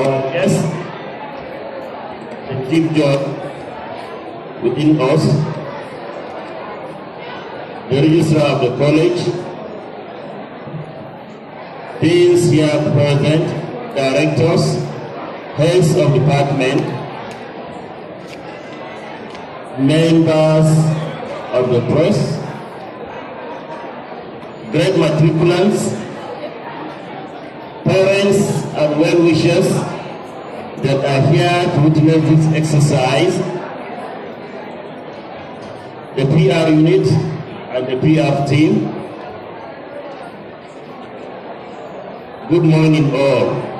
uh, guests that give God within us, the registrar of uh, the college, deans here present, directors, heads of department, members of the press, great matriculants, well wishers that are here to witness this exercise. The PR unit and the PR team. Good morning all.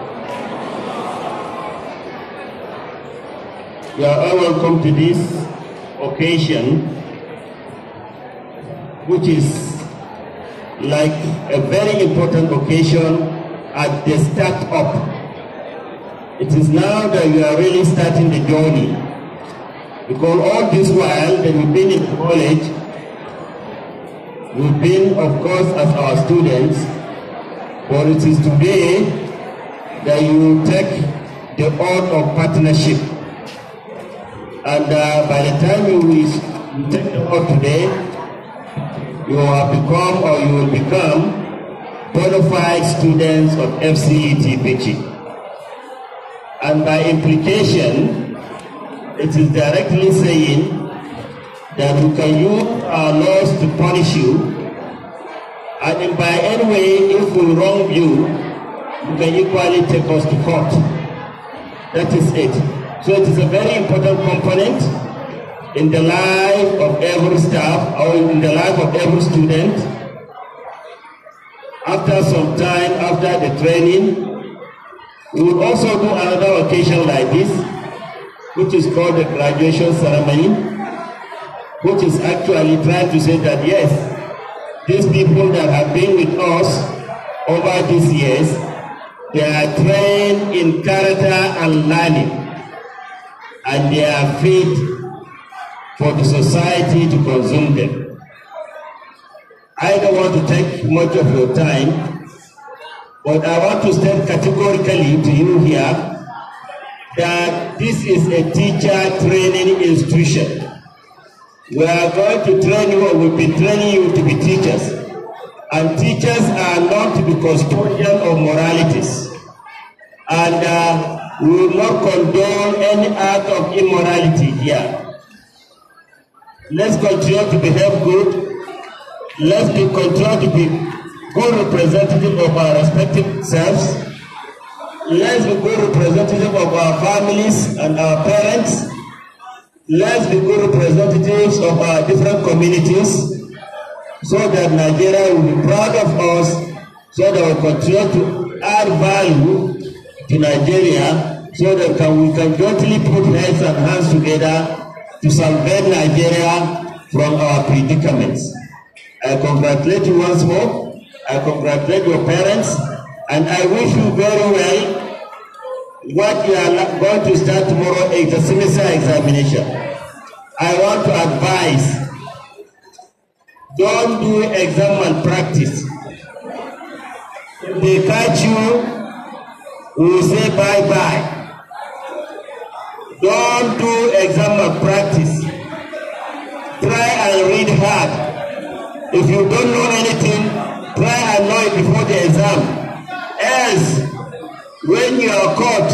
You are all welcome to this occasion which is like a very important occasion at the start up. It is now that you are really starting the journey. Because all this while that we've been in college, we've been, of course, as our students, but it is today that you take the oath of partnership. And uh, by the time you, will, you take the oath today, you have become or you will become bona fide students of FCET Beijing. And by implication, it is directly saying that we can use our laws to punish you, and in by any way, if we wrong you, we can equally take us to court. That is it. So it is a very important component in the life of every staff or in the life of every student after some time, after the training, we will also do another occasion like this, which is called the graduation ceremony, which is actually trying to say that yes, these people that have been with us over these years, they are trained in character and learning, and they are fit for the society to consume them. I don't want to take much of your time, but I want to state categorically to you here that this is a teacher training institution. We are going to train you, or we'll be training you to be teachers. And teachers are not to be custodians of moralities. And uh, we will not condone any act of immorality here. Let's continue to behave good Let's be controlled to be good representative of our respective selves. Let's be good representative of our families and our parents. Let's be good representatives of our different communities so that Nigeria will be proud of us so that we continue to add value to Nigeria so that we can jointly put heads and hands together to salvage Nigeria from our predicaments. I congratulate you once more. I congratulate your parents. And I wish you very well. What you are going to start tomorrow is the semester examination. I want to advise, don't do exam malpractice. They catch you, we say bye-bye. If you don't know anything, try and know it before the exam. Else, when you are caught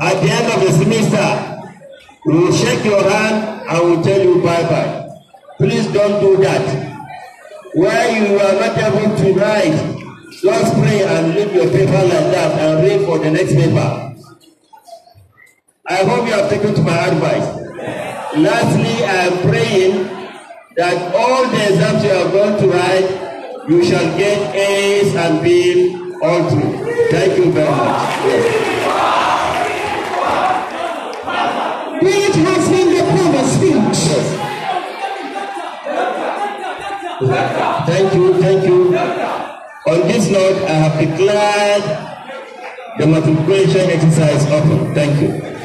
at the end of the semester, we will shake your hand and we will tell you bye-bye. Please don't do that. Where you are not able to write, just pray and leave your paper like that and read for the next paper. I hope you have taken to my advice. Lastly, I am praying that all the exams you are going to write, you shall get A's and B's all through. Thank you very much. Yes. it has been the promise field. Yes. Thank you, thank you. On this note, I have declared the matriculation exercise open. Thank you.